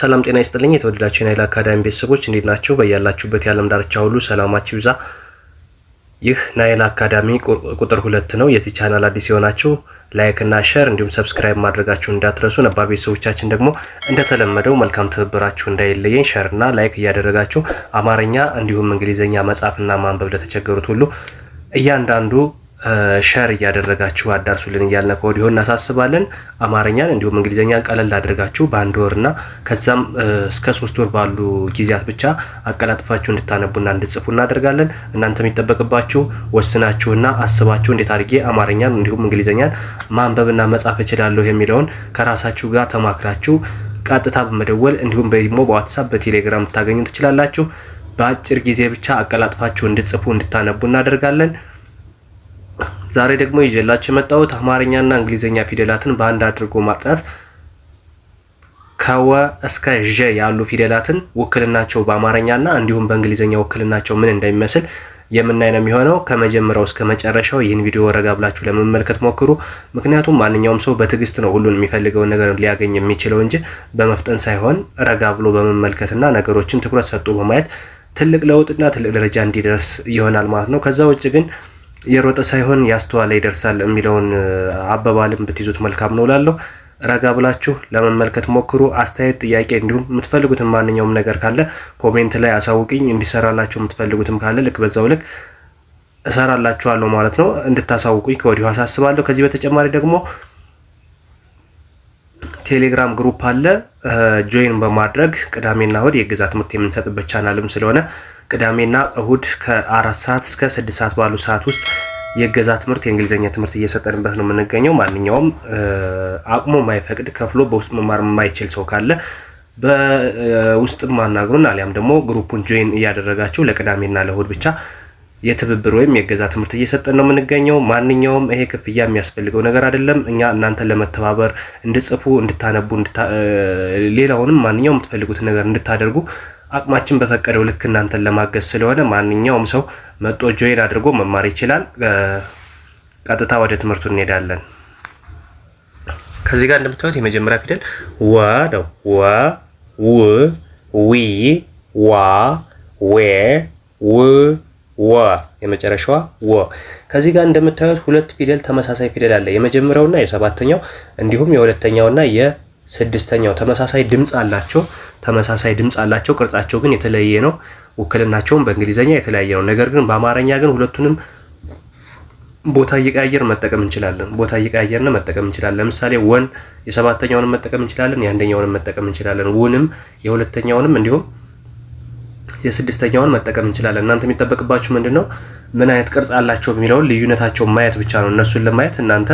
ሰላም ጤና ይስጥልኝ። የተወደዳችሁ የናይል አካዳሚ ቤተሰቦች እንዴት ናችሁ? በያላችሁበት የዓለም ዳርቻ ሁሉ ሰላማችሁ ይብዛ። ይህ ናይል አካዳሚ ቁጥር ሁለት ነው። የዚህ ቻናል አዲስ የሆናችሁ ላይክ እና ሸር እንዲሁም ሰብስክራይብ ማድረጋችሁን እንዳትረሱ። ነባር ቤተሰቦቻችን ደግሞ እንደተለመደው መልካም ትብብራችሁ እንዳይለየኝ ሸር እና ላይክ እያደረጋችሁ አማርኛ እንዲሁም እንግሊዝኛ መጻፍና ማንበብ ለተቸገሩት ሁሉ እያንዳንዱ ሸር እያደረጋችሁ አዳርሱልን እያልን ከወዲሁ እናሳስባለን። አማርኛን እንዲሁም እንግሊዝኛን ቀለል አድርጋችሁ በአንድ ወርና ከዛም እስከ ሶስት ወር ባሉ ጊዜያት ብቻ አቀላጥፋችሁ እንድታነቡና እንድጽፉ እናደርጋለን። እናንተ የሚጠበቅባችሁ ወስናችሁና አስባችሁ እንዴት አድርጌ አማርኛን እንዲሁም እንግሊዝኛን ማንበብና መጻፍ እችላለሁ የሚለውን ከራሳችሁ ጋር ተማክራችሁ ቀጥታ በመደወል እንዲሁም በኢሞ፣ በዋትሳፕ፣ በቴሌግራም ልታገኙ ትችላላችሁ። በአጭር ጊዜ ብቻ አቀላጥፋችሁ እንድጽፉ እንድታነቡ እናደርጋለን። ዛሬ ደግሞ ይዤላችሁ የመጣሁት አማርኛና እንግሊዝኛ ፊደላትን በአንድ አድርጎ ማጥናት ከወ እስከ ዠ ያሉ ፊደላትን ውክልናቸው በአማርኛና እንዲሁም በእንግሊዝኛ ውክልናቸው ምን እንደሚመስል የምናይ ነው የሚሆነው። ከመጀመሪያው እስከ መጨረሻው ይህን ቪዲዮ ረጋ ብላችሁ ለመመልከት ሞክሩ። ምክንያቱም ማንኛውም ሰው በትዕግስት ነው ሁሉን የሚፈልገውን ነገር ሊያገኝ የሚችለው እንጂ በመፍጠን ሳይሆን ረጋ ብሎ በመመልከትና ነገሮችን ትኩረት ሰጥቶ በማየት ትልቅ ለውጥና ትልቅ ደረጃ እንዲደርስ ይሆናል ማለት ነው። ከዛ ውጭ ግን የሮጠ ሳይሆን ያስተዋለ ይደርሳል የሚለውን አባባልም ብትይዙት መልካም ነው እላለሁ። ረጋ ብላችሁ ለመመልከት ሞክሩ። አስተያየት፣ ጥያቄ እንዲሁም የምትፈልጉትን ማንኛውም ነገር ካለ ኮሜንት ላይ አሳውቅኝ። እንዲሰራላችሁ የምትፈልጉትም ካለ ልክ በዛው ልክ እሰራላችኋለሁ ማለት ነው። እንድታሳውቁኝ ከወዲሁ አሳስባለሁ። ከዚህ በተጨማሪ ደግሞ ቴሌግራም ግሩፕ አለ። ጆይን በማድረግ ቅዳሜና እሁድ የገዛ ትምህርት የምንሰጥበት ቻናልም ስለሆነ ቅዳሜና እሁድ ከአራት ሰዓት እስከ ስድስት ሰዓት ባሉ ሰዓት ውስጥ የገዛ ትምህርት የእንግሊዝኛ ትምህርት እየሰጠንበት ነው የምንገኘው። ማንኛውም አቅሙ ማይፈቅድ ከፍሎ በውስጥ መማር የማይችል ሰው ካለ በውስጥ ማናግሩን አሊያም ደግሞ ግሩፑን ጆይን እያደረጋችሁ ለቅዳሜና ለእሁድ ብቻ የትብብር ወይም የገዛ ትምህርት እየሰጠን ነው የምንገኘው። ማንኛውም ይሄ ክፍያ የሚያስፈልገው ነገር አይደለም። እኛ እናንተን ለመተባበር እንድጽፉ፣ እንድታነቡ፣ ሌላውንም ማንኛውም የምትፈልጉትን ነገር እንድታደርጉ አቅማችን በፈቀደው ልክ እናንተን ለማገዝ ስለሆነ ማንኛውም ሰው መጦ ጆይን አድርጎ መማር ይችላል። ቀጥታ ወደ ትምህርቱ እንሄዳለን። ከዚህ ጋር እንደምታዩት የመጀመሪያ ፊደል ወ ነው። ወ፣ ው፣ ዊ፣ ዋ፣ ዌ፣ ው ወ የመጨረሻዋ ወ። ከዚህ ጋር እንደምታዩት ሁለት ፊደል ተመሳሳይ ፊደል አለ። የመጀመሪያውና የሰባተኛው እንዲሁም የሁለተኛውና የስድስተኛው ተመሳሳይ ድምፅ አላቸው። ተመሳሳይ ድምፅ አላቸው። ቅርጻቸው ግን የተለየ ነው። ውክልናቸውም በእንግሊዝኛ የተለያየ ነው። ነገር ግን በአማርኛ ግን ሁለቱንም ቦታ እየቀያየር መጠቀም እንችላለን። ቦታ እየቀያየርን መጠቀም እንችላለን። ለምሳሌ ወን የሰባተኛውንም መጠቀም እንችላለን፣ የአንደኛውንም መጠቀም እንችላለን። ውንም የሁለተኛውንም እንዲሁም የስድስተኛውን መጠቀም እንችላለን። እናንተ የሚጠበቅባችሁ ምንድን ነው ምን አይነት ቅርጽ አላቸው የሚለውን ልዩነታቸውን ማየት ብቻ ነው። እነሱን ለማየት እናንተ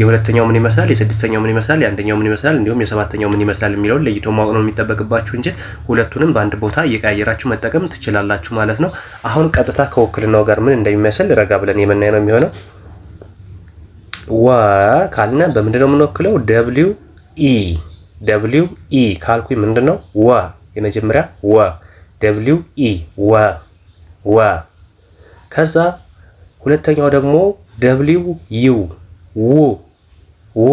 የሁለተኛው ምን ይመስላል፣ የስድስተኛው ምን ይመስላል፣ የአንደኛው ምን ይመስላል፣ እንዲሁም የሰባተኛው ምን ይመስላል የሚለውን ለይቶ ማወቅ ነው የሚጠበቅባችሁ እንጂ ሁለቱንም በአንድ ቦታ እየቀያየራችሁ መጠቀም ትችላላችሁ ማለት ነው። አሁን ቀጥታ ከውክልናው ጋር ምን እንደሚመስል ረጋ ብለን የምናይ ነው የሚሆነው። ዋ ካልነ በምንድን ነው የምንወክለው? ደብሊው ኢ ደብሊው ኢ ካልኩኝ ምንድን ነው ወ የመጀመሪያ ወ ደብሊው ኢ ወ ወ። ከዛ ሁለተኛው ደግሞ ደብሊው ዩ ው ው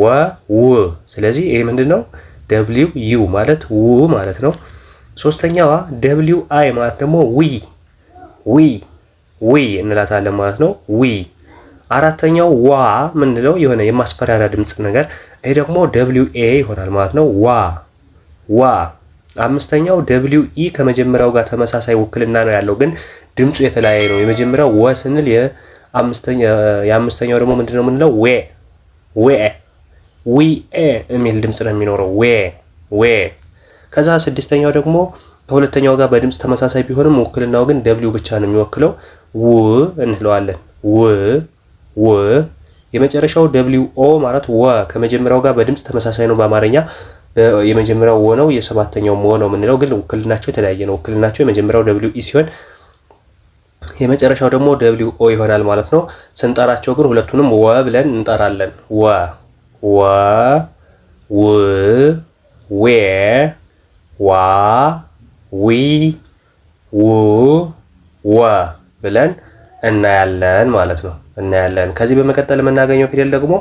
ወ ው። ስለዚህ ይሄ ምንድን ነው? ደብሊው ዩ ማለት ው ማለት ነው። ሶስተኛዋ ደብሊው አይ ማለት ደግሞ ዊ ዊ ዊ እንላታለን ማለት ነው። ዊ አራተኛው ዋ ምንለው የሆነ የማስፈራሪያ ድምፅ ነገር። ይሄ ደግሞ ደብሊው ኤ ይሆናል ማለት ነው። ዋ ዋ አምስተኛው ደብሊው ኢ ከመጀመሪያው ጋር ተመሳሳይ ውክልና ነው ያለው፣ ግን ድምፁ የተለያየ ነው። የመጀመሪያው ወ ስንል የአምስተኛው ደግሞ ምንድነው የምንለው? ዌ ዌ ዊ ኤ የሚል ድምፅ ነው የሚኖረው። ዌ ዌ ከዛ ስድስተኛው ደግሞ ከሁለተኛው ጋር በድምፅ ተመሳሳይ ቢሆንም ውክልናው ግን ደብሊው ብቻ ነው የሚወክለው። ው እንለዋለን። ው ው የመጨረሻው ደብሊው ኦ ማለት ወ ከመጀመሪያው ጋር በድምፅ ተመሳሳይ ነው በአማርኛ የመጀመሪያው ሆነው ነው፣ የሰባተኛው ሞ ነው የምንለው። ግን ውክልናቸው የተለያየ ነው። ውክልናቸው የመጀመሪያው ደብሊው ኢ ሲሆን የመጨረሻው ደግሞ ደብሊው ኦ ይሆናል ማለት ነው። ስንጠራቸው ግን ሁለቱንም ወ ብለን እንጠራለን። ወ ወ ው ዌ ዋ ዊ ው ወ ብለን እናያለን ማለት ነው። እናያለን። ከዚህ በመቀጠል የምናገኘው ፊደል ደግሞ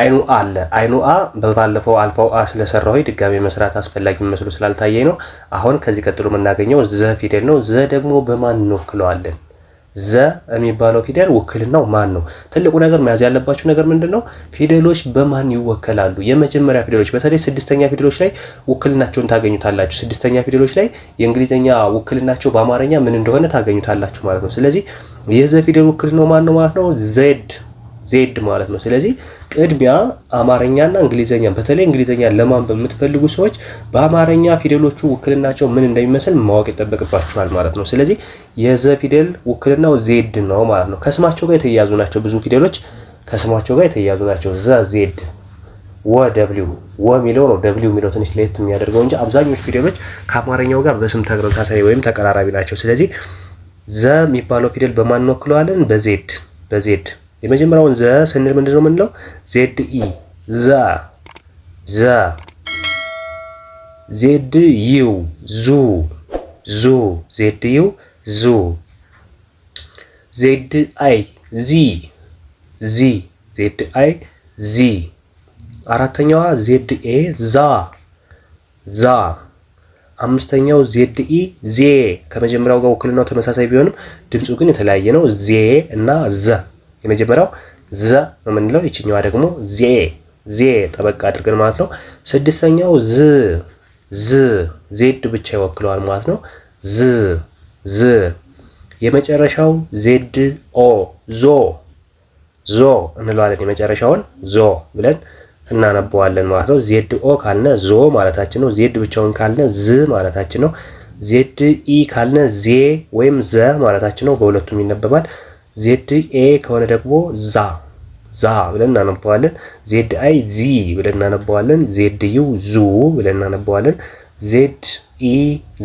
አይኑ አለ አይኑ አ በባለፈው አልፋው አ ስለሰራሁ ድጋሜ መስራት አስፈላጊ መስሎ ስላልታየኝ ነው። አሁን ከዚህ ቀጥሎ የምናገኘው ዘ ፊደል ነው። ዘ ደግሞ በማን እንወክለዋለን? ዘ የሚባለው ፊደል ውክልናው ማን ነው? ትልቁ ነገር መያዝ ያለባችሁ ነገር ምንድን ነው? ፊደሎች በማን ይወከላሉ? የመጀመሪያ ፊደሎች በተለይ ስድስተኛ ፊደሎች ላይ ውክልናቸውን ታገኙታላችሁ። ስድስተኛ ፊደሎች ላይ የእንግሊዝኛ ውክልናቸው በአማርኛ ምን እንደሆነ ታገኙታላችሁ ማለት ነው። ስለዚህ የዘ ፊደል ውክልናው ማን ነው ማለት ነው? ዜድ ዜድ ማለት ነው። ስለዚህ ቅድሚያ አማርኛና እንግሊዘኛ በተለይ እንግሊዘኛ ለማንበብ የምትፈልጉ ሰዎች በአማርኛ ፊደሎቹ ውክልናቸው ምን እንደሚመስል ማወቅ ይጠበቅባችኋል ማለት ነው። ስለዚህ የዘ ፊደል ውክልናው ዜድ ነው ማለት ነው። ከስማቸው ጋር የተያያዙ ናቸው። ብዙ ፊደሎች ከስማቸው ጋር የተያያዙ ናቸው። ዘ ዜድ፣ ወ ደብሊው። ወ የሚለው ነው ደብሊው የሚለው ትንሽ ለየት የሚያደርገው እንጂ አብዛኞቹ ፊደሎች ከአማርኛው ጋር በስም ተመሳሳይ ወይም ተቀራራቢ ናቸው። ስለዚህ ዘ የሚባለው ፊደል በማን እንወክለዋለን? በዜድ በዜድ የመጀመሪያውን ዘ ስንል ምንድን ነው የምንለው? ዜድ ኢ ዘ ዘ ዜድ ዩ ዙ ዙ ዜድ ዩ ዙ ዜድ አይ ዚ ዚ ዜድ አይ ዚ አራተኛዋ ዜድ ኤ ዛ ዛ አምስተኛው ዜድ ኢ ዜ ከመጀመሪያው ጋር ውክልናው ተመሳሳይ ቢሆንም ድምፁ ግን የተለያየ ነው። ዜ እና ዘ የመጀመሪያው ዘ ነው የምንለው። ይችኛዋ ደግሞ ዜ ዜ ጠበቅ አድርገን ማለት ነው። ስድስተኛው ዝ ዝ ዜድ ብቻ ይወክለዋል ማለት ነው። ዝ ዝ የመጨረሻው ዜድ ኦ ዞ ዞ እንለዋለን። የመጨረሻውን ዞ ብለን እናነበዋለን ማለት ነው። ዜድ ኦ ካልነ ዞ ማለታችን ነው። ዜድ ብቻውን ካልነ ዝ ማለታችን ነው። ዜድ ኢ ካልነ ዜ ወይም ዘ ማለታችን ነው። በሁለቱም ይነበባል። ዜድ ኤ ከሆነ ደግሞ ዛ ዛ ብለን እናነበዋለን። ዜድ አይ ዚ ብለን እናነበዋለን። ዜድ ዩ ዙ ብለን እናነበዋለን። ዜድ ኢ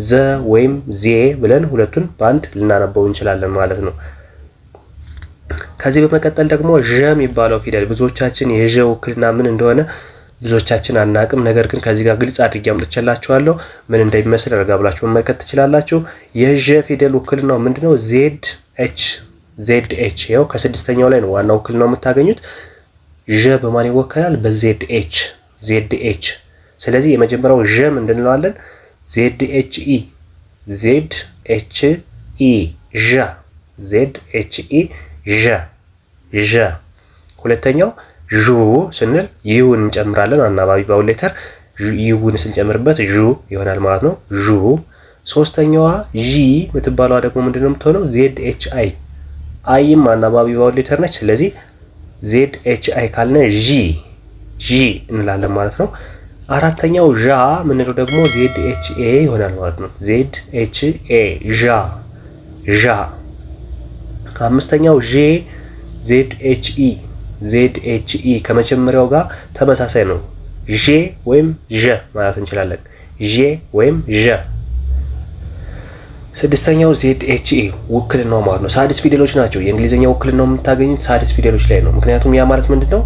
ዘ ወይም ዜ ብለን ሁለቱን በአንድ ልናነበው እንችላለን ማለት ነው። ከዚህ በመቀጠል ደግሞ ዠ የሚባለው ፊደል ብዙዎቻችን የዠ ውክልና ምን እንደሆነ ብዙዎቻችን አናቅም። ነገር ግን ከዚህ ጋር ግልጽ አድርጌ አምጥቼላችኋለሁ ምን እንደሚመስል ረጋ ብላችሁ መመልከት ትችላላችሁ። የዠ ፊደል ውክልናው ምንድነው? ዜድ ኤች ዜድ ኤች ያው ከስድስተኛው ላይ ነው ዋና ነው የምታገኙት። ዠ በማን ይወከላል? በዜድ ኤች ስለዚህ የመጀመሪያው ዠ ምንድን እንለዋለን? ዜድ ኤች ኢ ዜድ ኢ ዣ ዜድ ኢ ሁለተኛው ዡ ስንል ይሁን እንጨምራለን። አናባቢ ባውን ሌተር ይሁን ስንጨምርበት ዡ ይሆናል ማለት ነው። ዡ ሶስተኛዋ ዢ የምትባለዋ ደግሞ ምንድነው የምትሆነው? ዜድ አይ አይም አናባቢ ባውል ሌተር ነች። ስለዚህ ዜድ ኤች አይ ካልነ ዢ ዢ እንላለን ማለት ነው። አራተኛው ዣ ምንለው ደግሞ ዜድ ኤች ኤ ይሆናል ማለት ነው። ዜድ ኤች ኤ ዣ ዣ። አምስተኛው ዤ ዜድ ኤች ኢ ዜድ ኤች ኢ ከመጀመሪያው ጋር ተመሳሳይ ነው። ዤ ወይም ዠ ማለት እንችላለን። ዤ ወይም ዠ ስድስተኛው ዜድ ኤች ኤ ውክልናው ማለት ነው። ሳድስ ፊደሎች ናቸው። የእንግሊዝኛ ውክልናው የምታገኙት ሳድስ ፊደሎች ላይ ነው። ምክንያቱም ያ ማለት ምንድን ነው?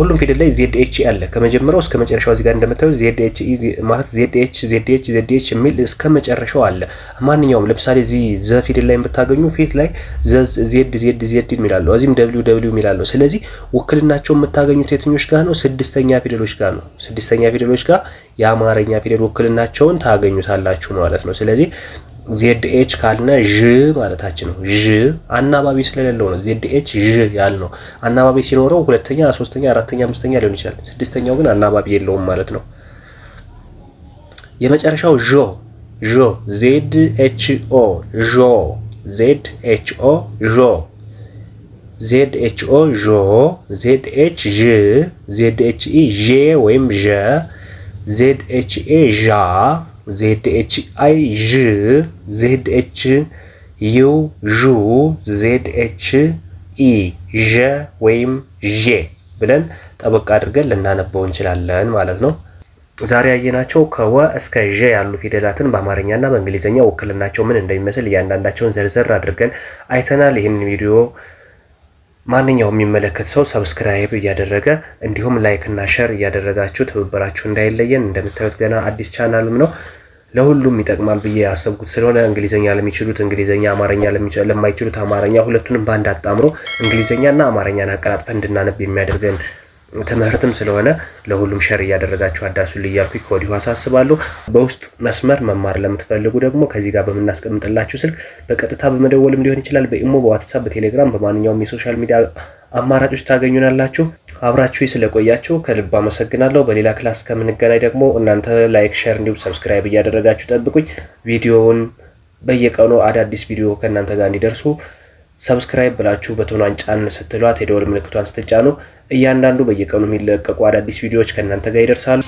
ሁሉም ፊደል ላይ ዜድ ኤች ኤ አለ። ከመጀመሪያው እስከ መጨረሻው እዚህ ጋር እንደምታዩ ዜድ ኤች ኤ e ማለት ዜድ ኤች ዜድ ኤች ዜድ ኤች የሚል እስከ መጨረሻው አለ። ማንኛውም ለምሳሌ እዚህ ዘ ፊደል ላይ የምታገኙ ፊት ላይ ዜድ ዜድ ዜድ የሚላለው እዚህም ደብሊው ደብሊው የሚላለው። ስለዚህ ውክልናቸው የምታገኙት የትኞች ጋር ነው? ስድስተኛ ፊደሎች ጋር ነው። ስድስተኛ ፊደሎች ጋር የአማርኛ ፊደል ውክልናቸውን ታገኙታላችሁ ማለት ነው። ስለዚህ ዜድ ኤች ካልነ ዥ ማለታችን ነው። ዥ አናባቢ ስለሌለው ነው ዜድ ኤች ዥ ያልነው። አናባቢ ሲኖረው ሁለተኛ፣ ሶስተኛ፣ አራተኛ፣ አምስተኛ ሊሆን ይችላል። ስድስተኛው ግን አናባቢ የለውም ማለት ነው። የመጨረሻው ዦ ዦ ዜድ ኤች ኦ ዦ ዜድ ኤች ኦ ዦ ዜድ ኤች ኦ ዦ ዜድ ኤች ዥ ዜድ ኤች ኢ ዤ ወይም ዠ ዜድ ኤች ኤ ዣ ዜድ ኤች አይ ዥ ዜድ ኤች ዩ ዡ ዜድ ኤች ኢ ዠ ወይም ዤ ብለን ጠበቅ አድርገን ልናነበው እንችላለን ማለት ነው። ዛሬ ያየናቸው ከወ እስከ ዠ ያሉ ፊደላትን በአማርኛና በእንግሊዝኛ ውክልናቸው ምን እንደሚመስል እያንዳንዳቸውን ዘርዘር አድርገን አይተናል። ይህን ቪዲዮ ማንኛውም የሚመለከት ሰው ሰብስክራይብ እያደረገ እንዲሁም ላይክና ሸር እያደረጋችሁ ትብብራችሁ እንዳይለየን። እንደምታዩት ገና አዲስ ቻናልም ነው ለሁሉም ይጠቅማል ብዬ ያሰብኩት ስለሆነ እንግሊዘኛ ለሚችሉት እንግሊዝኛ፣ አማርኛ ለማይችሉት አማርኛ፣ ሁለቱንም በአንድ አጣምሮ እንግሊዝኛና አማርኛን አቀላጥፈን እንድናነብ የሚያደርገን ትምህርትም ስለሆነ ለሁሉም ሸር እያደረጋችሁ አዳሱ እያልኩኝ ከወዲሁ አሳስባለሁ። በውስጥ መስመር መማር ለምትፈልጉ ደግሞ ከዚህ ጋር በምናስቀምጥላችሁ ስልክ በቀጥታ በመደወልም ሊሆን ይችላል። በኢሞ፣ በዋትሳፕ፣ በቴሌግራም በማንኛውም የሶሻል ሚዲያ አማራጮች ታገኙናላችሁ። አብራችሁ ስለቆያችሁ ከልብ አመሰግናለሁ። በሌላ ክላስ ከምንገናኝ ደግሞ እናንተ ላይክ፣ ሸር እንዲሁም ሰብስክራይብ እያደረጋችሁ ጠብቁኝ። ቪዲዮውን በየቀኑ አዳዲስ ቪዲዮ ከእናንተ ጋር እንዲደርሱ ሰብስክራይብ ብላችሁ በቶናን ጫን ስትሏት የደወል ምልክቷን ስትጫኑ እያንዳንዱ በየቀኑ የሚለቀቁ አዳዲስ ቪዲዮዎች ከእናንተ ጋር ይደርሳሉ።